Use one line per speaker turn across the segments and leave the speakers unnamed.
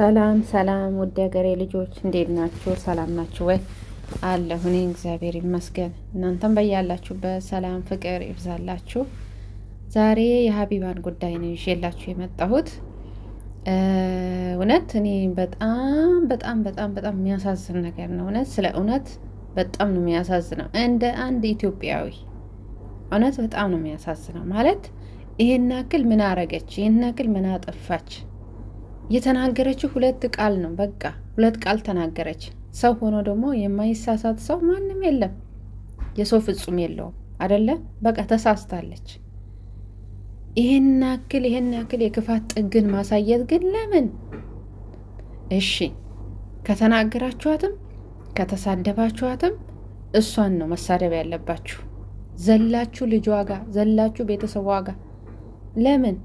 ሰላም ሰላም ውድ ሀገሬ ልጆች እንዴት ናችሁ? ሰላም ናችሁ ወይ? አለሁ እኔ እግዚአብሔር ይመስገን። እናንተም በያላችሁበት ሰላም ፍቅር ይብዛላችሁ። ዛሬ የሀቢባን ጉዳይ ነው ይዤላችሁ የመጣሁት። እውነት እኔ በጣም በጣም በጣም በጣም የሚያሳዝን ነገር ነው። እውነት ስለ እውነት በጣም ነው የሚያሳዝነው። እንደ አንድ ኢትዮጵያዊ እውነት በጣም ነው የሚያሳዝነው። ማለት ይህን ያክል ምን አረገች? ይህን ያክል ምን አጠፋች? የተናገረች ሁለት ቃል ነው። በቃ ሁለት ቃል ተናገረች። ሰው ሆኖ ደግሞ የማይሳሳት ሰው ማንም የለም። የሰው ፍጹም የለውም አደለ? በቃ ተሳስታለች። ይህን ያክል ይህን ያክል የክፋት ጥግን ማሳየት ግን ለምን? እሺ ከተናገራችኋትም ከተሳደባችኋትም እሷን ነው መሳደብ ያለባችሁ። ዘላችሁ ልጇ ጋር ዘላችሁ ቤተሰቧ ጋር ለምን?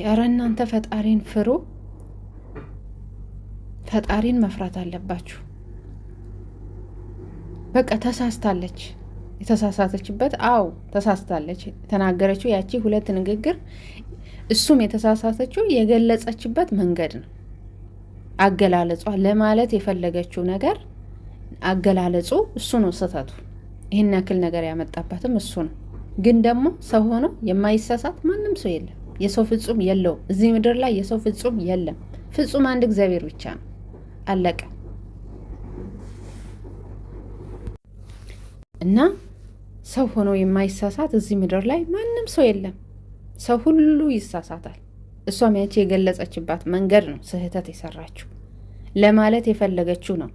ኧረ እናንተ ፈጣሪን ፍሩ። ፈጣሪን መፍራት አለባችሁ። በቃ ተሳስታለች። የተሳሳተችበት አው ተሳስታለች። የተናገረችው ያቺ ሁለት ንግግር እሱም የተሳሳተችው የገለጸችበት መንገድ ነው። አገላለጿ ለማለት የፈለገችው ነገር አገላለጹ እሱ ነው ስህተቱ። ይህን ያክል ነገር ያመጣባትም እሱ ነው። ግን ደግሞ ሰው ሆኖ የማይሳሳት ማንም ሰው የለም። የሰው ፍጹም የለውም። እዚህ ምድር ላይ የሰው ፍጹም የለም። ፍጹም አንድ እግዚአብሔር ብቻ ነው። አለቀ እና ሰው ሆኖ የማይሳሳት እዚህ ምድር ላይ ማንም ሰው የለም። ሰው ሁሉ ይሳሳታል። እሷም ያቺ የገለጸችባት መንገድ ነው ስህተት የሰራችው ለማለት የፈለገችው ነው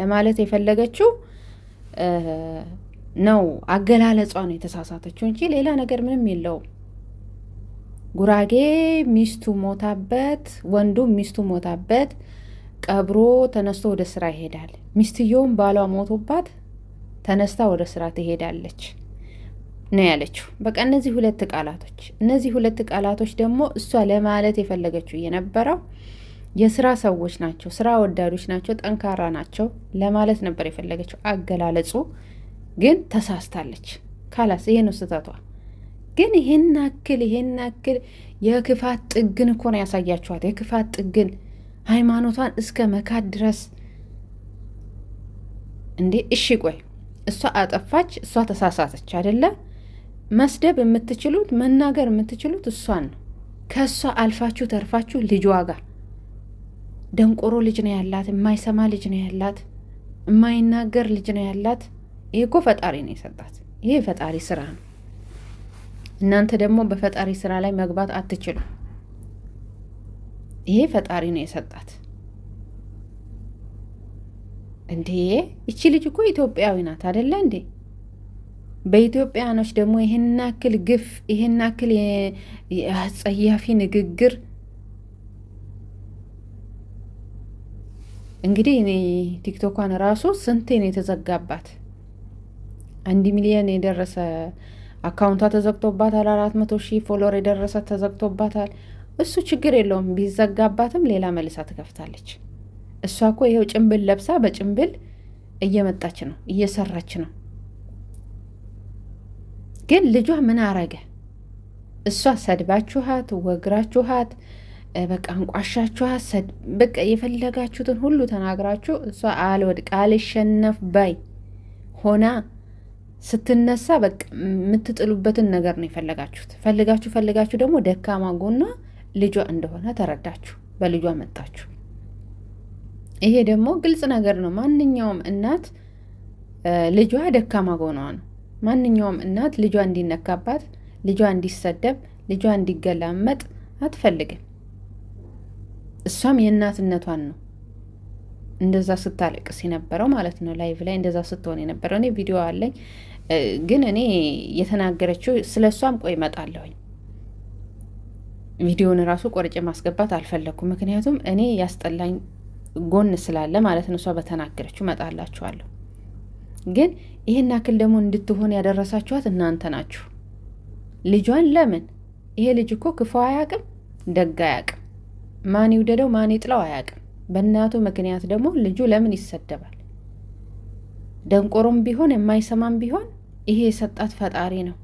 ለማለት የፈለገችው ነው። አገላለጿ ነው የተሳሳተችው እንጂ ሌላ ነገር ምንም የለውም። ጉራጌ ሚስቱ ሞታበት፣ ወንዱ ሚስቱ ሞታበት ቀብሮ ተነስቶ ወደ ስራ ይሄዳል። ሚስትየውም ባሏ ሞቶባት ተነስታ ወደ ስራ ትሄዳለች ነው ያለችው። በቃ እነዚህ ሁለት ቃላቶች እነዚህ ሁለት ቃላቶች ደግሞ እሷ ለማለት የፈለገችው የነበረው የስራ ሰዎች ናቸው፣ ስራ ወዳዶች ናቸው፣ ጠንካራ ናቸው ለማለት ነበር የፈለገችው። አገላለጹ ግን ተሳስታለች። ካላስ ይሄ ነው ስህተቷ። ግን ይሄን አክል ይሄን አክል የክፋት ጥግን እኮ ነው ያሳያችኋት። የክፋት ጥግን ሃይማኖቷን እስከ መካድ ድረስ እንዴ! እሺ ቆይ እሷ አጠፋች፣ እሷ ተሳሳተች አይደለ? መስደብ የምትችሉት መናገር የምትችሉት እሷን ነው። ከእሷ አልፋችሁ ተርፋችሁ ልጇ ጋር ደንቆሮ ልጅ ነው ያላት፣ የማይሰማ ልጅ ነው ያላት፣ የማይናገር ልጅ ነው ያላት። ይሄ እኮ ፈጣሪ ነው የሰጣት። ይሄ ፈጣሪ ስራ ነው። እናንተ ደግሞ በፈጣሪ ስራ ላይ መግባት አትችሉ። ይሄ ፈጣሪ ነው የሰጣት። እንዴ እቺ ልጅ እኮ ኢትዮጵያዊ ናት አደለ እንዴ? በኢትዮጵያኖች ደግሞ ይህን ያክል ግፍ፣ ይህን ያክል አጸያፊ ንግግር እንግዲህ እኔ ቲክቶኳን ራሱ ስንቴ ነው የተዘጋባት? አንድ ሚሊዮን የደረሰ አካውንቷ ተዘግቶባታል። አራት መቶ ሺህ ፎሎወር የደረሰት ተዘግቶባታል። እሱ ችግር የለውም ቢዘጋባትም ሌላ መልሳ ትከፍታለች። እሷ እኮ ይኸው ጭንብል ለብሳ በጭንብል እየመጣች ነው፣ እየሰራች ነው። ግን ልጇ ምን አረገ? እሷ ሰድባችኋት፣ ወግራችኋት፣ በቃ እንቋሻችኋት፣ በቃ የፈለጋችሁትን ሁሉ ተናግራችሁ እሷ አልወድቅ አልሸነፍ ባይ ሆና ስትነሳ በቃ የምትጥሉበትን ነገር ነው የፈለጋችሁት። ፈልጋችሁ ፈልጋችሁ ደግሞ ደካማ ጎኗ ልጇ እንደሆነ ተረዳችሁ፣ በልጇ መጣችሁ። ይሄ ደግሞ ግልጽ ነገር ነው። ማንኛውም እናት ልጇ ደካማ ጎኗ ነው። ማንኛውም እናት ልጇ እንዲነካባት፣ ልጇ እንዲሰደብ፣ ልጇ እንዲገላመጥ አትፈልግም። እሷም የእናትነቷን ነው እንደዛ ስታለቅስ የነበረው ማለት ነው። ላይቭ ላይ እንደዛ ስትሆን የነበረው እኔ ቪዲዮ አለኝ። ግን እኔ የተናገረችው ስለ እሷም ቆይ እመጣለሁኝ። ቪዲዮን ራሱ ቆርጬ ማስገባት አልፈለግኩም። ምክንያቱም እኔ ያስጠላኝ ጎን ስላለ ማለት ነው። እሷ በተናገረችው እመጣላችኋለሁ። ግን ይህን ያክል ደግሞ እንድትሆን ያደረሳችኋት እናንተ ናችሁ። ልጇን ለምን ይሄ ልጅ እኮ ክፉ አያውቅም፣ ደግ አያውቅም፣ ማን ይውደደው ማን ይጥለው አያውቅም። በእናቱ ምክንያት ደግሞ ልጁ ለምን ይሰደባል? ደንቆሮም ቢሆን የማይሰማም ቢሆን ይሄ የሰጣት ፈጣሪ ነው።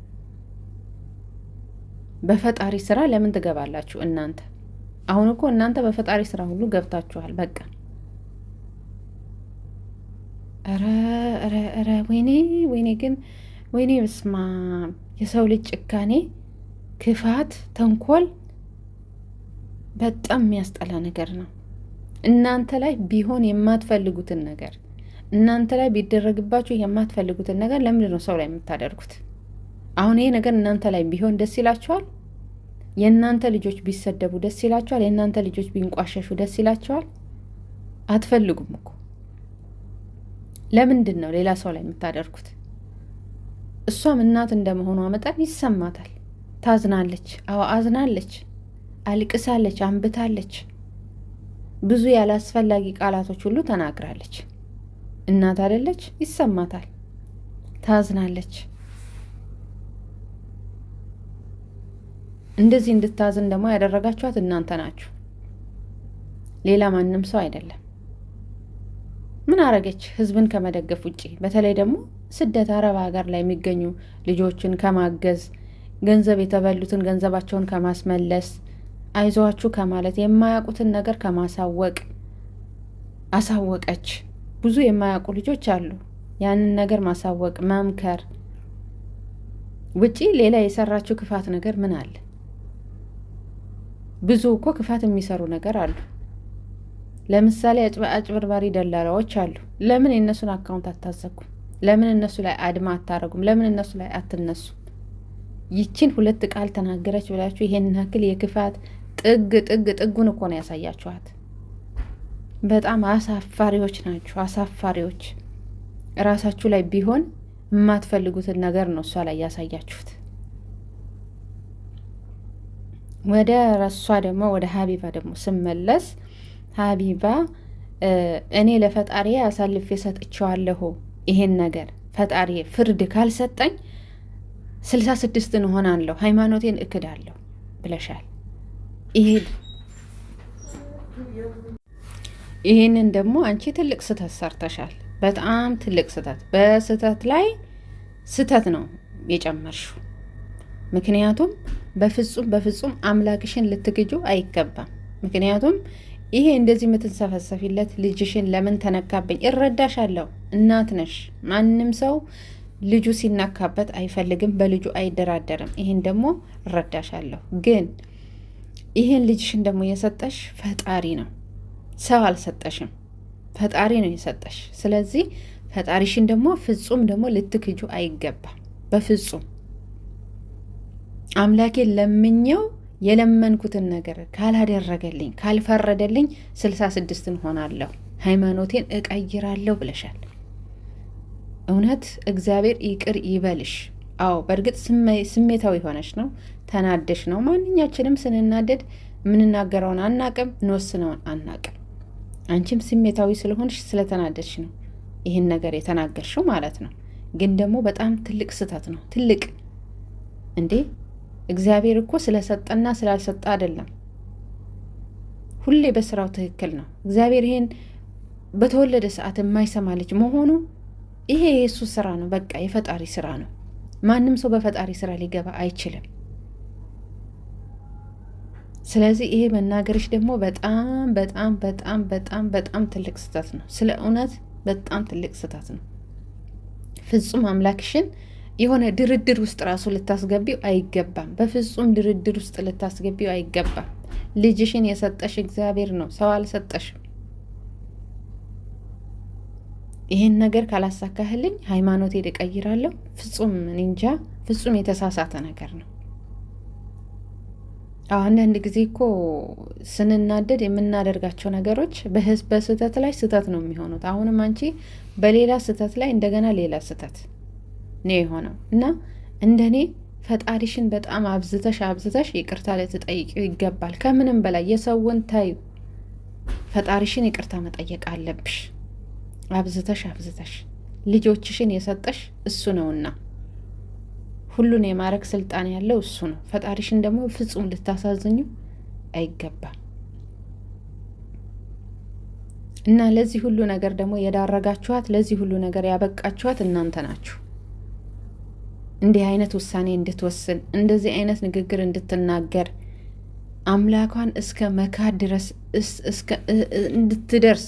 በፈጣሪ ስራ ለምን ትገባላችሁ እናንተ? አሁን እኮ እናንተ በፈጣሪ ስራ ሁሉ ገብታችኋል። በቃ ኧረ ኧረ ወይኔ ወይኔ ግን ወይኔ ብስማ የሰው ልጅ ጭካኔ፣ ክፋት፣ ተንኮል በጣም የሚያስጠላ ነገር ነው። እናንተ ላይ ቢሆን የማትፈልጉትን ነገር እናንተ ላይ ቢደረግባችሁ የማትፈልጉትን ነገር ለምንድን ነው ሰው ላይ የምታደርጉት? አሁን ይሄ ነገር እናንተ ላይ ቢሆን ደስ ይላችኋል? የእናንተ ልጆች ቢሰደቡ ደስ ይላችኋል? የእናንተ ልጆች ቢንቋሸሹ ደስ ይላችኋል? አትፈልጉም እኮ። ለምንድን ነው ሌላ ሰው ላይ የምታደርጉት? እሷም እናት እንደመሆኗ መጠን ይሰማታል። ታዝናለች። አዎ አዝናለች፣ አልቅሳለች፣ አንብታለች። ብዙ ያላስፈላጊ ቃላቶች ሁሉ ተናግራለች። እናት አይደለች? ይሰማታል፣ ታዝናለች። እንደዚህ እንድታዝን ደግሞ ያደረጋችኋት እናንተ ናችሁ፣ ሌላ ማንም ሰው አይደለም። ምን አረገች? ህዝብን ከመደገፍ ውጭ በተለይ ደግሞ ስደት አረብ ሀገር ላይ የሚገኙ ልጆችን ከማገዝ ገንዘብ የተበሉትን ገንዘባቸውን ከማስመለስ አይዞዋችሁ ከማለት የማያውቁትን ነገር ከማሳወቅ አሳወቀች። ብዙ የማያውቁ ልጆች አሉ። ያንን ነገር ማሳወቅ፣ መምከር ውጪ ሌላ የሰራችው ክፋት ነገር ምን አለ? ብዙ እኮ ክፋት የሚሰሩ ነገር አሉ። ለምሳሌ አጭበርባሪ ደላላዎች አሉ። ለምን የእነሱን አካውንት አታዘጉም? ለምን እነሱ ላይ አድማ አታረጉም? ለምን እነሱ ላይ አትነሱም? ይችን ሁለት ቃል ተናገረች ብላችሁ ይሄን ያክል የክፋት ጥግ ጥግ ጥጉን እኮ ነው ያሳያችኋት። በጣም አሳፋሪዎች ናችሁ። አሳፋሪዎች ራሳችሁ ላይ ቢሆን የማትፈልጉትን ነገር ነው እሷ ላይ ያሳያችሁት። ወደ ረሷ ደግሞ ወደ ሀቢባ ደግሞ ስመለስ ሀቢባ እኔ ለፈጣሪ አሳልፌ ሰጥቼዋለሁ ይሄን ነገር ፈጣሪ ፍርድ ካልሰጠኝ ስልሳ ስድስትን እሆናለሁ ሃይማኖቴን እክዳለሁ ብለሻል። ይሄ ይህንን ደግሞ አንቺ ትልቅ ስህተት ሰርተሻል። በጣም ትልቅ ስህተት፣ በስህተት ላይ ስህተት ነው የጨመርሽው። ምክንያቱም በፍጹም በፍጹም አምላክሽን ልትግጁ አይገባም። ምክንያቱም ይሄ እንደዚህ የምትንሰፈሰፊለት ልጅሽን ለምን ተነካብኝ? እረዳሻለሁ፣ እናት ነሽ። ማንም ሰው ልጁ ሲነካበት አይፈልግም፣ በልጁ አይደራደርም። ይህን ደግሞ እረዳሻለሁ። ግን ይህን ልጅሽን ደግሞ የሰጠሽ ፈጣሪ ነው። ሰው አልሰጠሽም፣ ፈጣሪ ነው የሰጠሽ። ስለዚህ ፈጣሪሽን ደግሞ ፍጹም ደግሞ ልትክጁ አይገባም። በፍጹም አምላኬን ለምኘው የለመንኩትን ነገር ካላደረገልኝ ካልፈረደልኝ ስልሳ ስድስት ሆናለሁ ሃይማኖቴን እቀይራለሁ ብለሻል። እውነት እግዚአብሔር ይቅር ይበልሽ። አዎ በእርግጥ ስሜታዊ የሆነች ነው ተናደሽ ነው። ማንኛችንም ስንናደድ የምንናገረውን አናቅም፣ እንወስነውን አናቅም። አንቺም ስሜታዊ ስለሆንሽ ስለተናደድሽ ነው ይህን ነገር የተናገርሽው ማለት ነው። ግን ደግሞ በጣም ትልቅ ስህተት ነው። ትልቅ እንዴ! እግዚአብሔር እኮ ስለሰጠና ስላልሰጠ አይደለም። ሁሌ በስራው ትክክል ነው። እግዚአብሔር ይሄን በተወለደ ሰዓት የማይሰማ ልጅ መሆኑ ይሄ የእሱ ስራ ነው። በቃ የፈጣሪ ስራ ነው። ማንም ሰው በፈጣሪ ስራ ሊገባ አይችልም። ስለዚህ ይሄ መናገርሽ ደግሞ በጣም በጣም በጣም በጣም በጣም ትልቅ ስህተት ነው። ስለ እውነት በጣም ትልቅ ስህተት ነው። ፍጹም አምላክሽን የሆነ ድርድር ውስጥ ራሱ ልታስገቢው አይገባም። በፍጹም ድርድር ውስጥ ልታስገቢው አይገባም። ልጅሽን የሰጠሽ እግዚአብሔር ነው፣ ሰው አልሰጠሽም። ይህን ነገር ካላሳካህልኝ ሃይማኖቴን እቀይራለሁ፣ ፍጹም እንጃ፣ ፍጹም የተሳሳተ ነገር ነው። አንዳንድ ጊዜ እኮ ስንናደድ የምናደርጋቸው ነገሮች በስህተት ላይ ስህተት ነው የሚሆኑት። አሁንም አንቺ በሌላ ስህተት ላይ እንደገና ሌላ ስህተት ነው የሆነው እና እንደኔ ፈጣሪሽን በጣም አብዝተሽ አብዝተሽ ይቅርታ ልትጠይቂው ይገባል። ከምንም በላይ የሰውን ታዩ ፈጣሪሽን ይቅርታ መጠየቅ አለብሽ። አብዝተሽ አብዝተሽ ልጆችሽን የሰጠሽ እሱ ነውና ሁሉን የማረግ ስልጣን ያለው እሱ ነው። ፈጣሪሽን ደግሞ ፍጹም ልታሳዝኙ አይገባም። እና ለዚህ ሁሉ ነገር ደግሞ የዳረጋችኋት ለዚህ ሁሉ ነገር ያበቃችኋት እናንተ ናችሁ። እንዲህ አይነት ውሳኔ እንድትወስን እንደዚህ አይነት ንግግር እንድትናገር አምላኳን እስከ መካድ ድረስ እንድትደርስ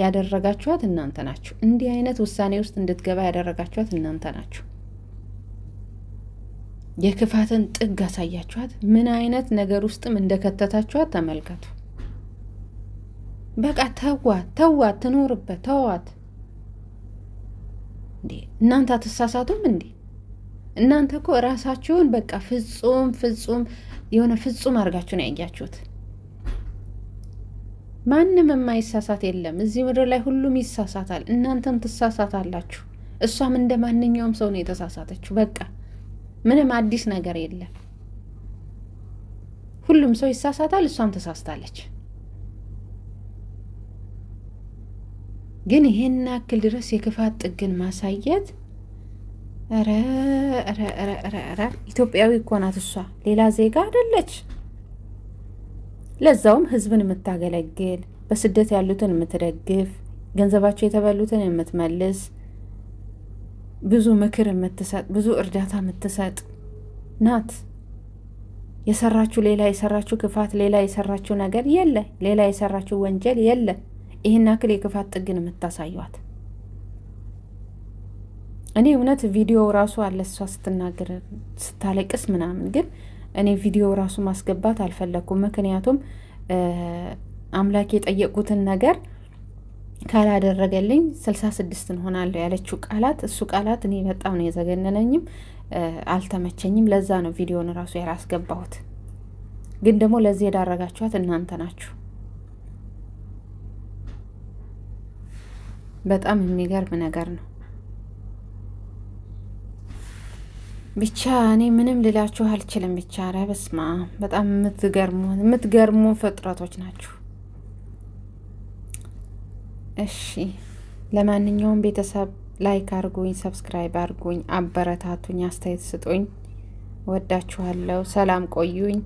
ያደረጋችኋት እናንተ ናችሁ። እንዲህ አይነት ውሳኔ ውስጥ እንድትገባ ያደረጋችኋት እናንተ ናችሁ። የክፋትን ጥግ አሳያችኋት። ምን አይነት ነገር ውስጥም እንደከተታችኋት ተመልከቱ። በቃ ተዋት፣ ተዋት፣ ትኖርበት፣ ተዋት። እንዴ እናንተ አትሳሳቱም እንዴ? እናንተ እኮ እራሳችሁን በቃ ፍጹም ፍጹም የሆነ ፍጹም ነው ያያችሁት። ማንም የማይሳሳት የለም እዚህ ምድር ላይ ሁሉም ይሳሳታል። እናንተም ትሳሳታላችሁ። እሷም እንደ ማንኛውም ሰው ነው የተሳሳተችው። በቃ ምንም አዲስ ነገር የለም። ሁሉም ሰው ይሳሳታል፣ እሷም ተሳስታለች። ግን ይሄን ያክል ድረስ የክፋት ጥግን ማሳየት ረረረረረ ኢትዮጵያዊ እኮ ናት እሷ፣ ሌላ ዜጋ አይደለች። ለዛውም ህዝብን የምታገለግል በስደት ያሉትን የምትደግፍ ገንዘባቸው የተበሉትን የምትመልስ ብዙ ምክር የምትሰጥ ብዙ እርዳታ የምትሰጥ ናት። የሰራችሁ ሌላ የሰራችሁ ክፋት ሌላ የሰራችሁ ነገር የለ፣ ሌላ የሰራችሁ ወንጀል የለ። ይህን አክል የክፋት ጥግን የምታሳዩት እኔ እውነት ቪዲዮ ራሱ አለ እሷ ስትናገር ስታለቅስ ምናምን፣ ግን እኔ ቪዲዮ ራሱ ማስገባት አልፈለግኩም። ምክንያቱም አምላክ የጠየቁትን ነገር ካላደረገልኝ ስልሳ ስድስት እንሆናለሁ ያለችው ቃላት እሱ ቃላት እኔ በጣም ነው የዘገነነኝም አልተመቸኝም። ለዛ ነው ቪዲዮን እራሱ ያላስገባሁት። ግን ደግሞ ለዚህ የዳረጋችኋት እናንተ ናችሁ። በጣም የሚገርም ነገር ነው። ብቻ እኔ ምንም ልላችሁ አልችልም። ብቻ ረብስማ በጣም የምትገርሙ የምትገርሙ ፍጥረቶች ናችሁ። እሺ ለማንኛውም ቤተሰብ ላይክ አርጉኝ፣ ሰብስክራይብ አርጉኝ፣ አበረታቱኝ፣ አስተያየት ስጡኝ። ወዳችኋለሁ። ሰላም ቆዩኝ።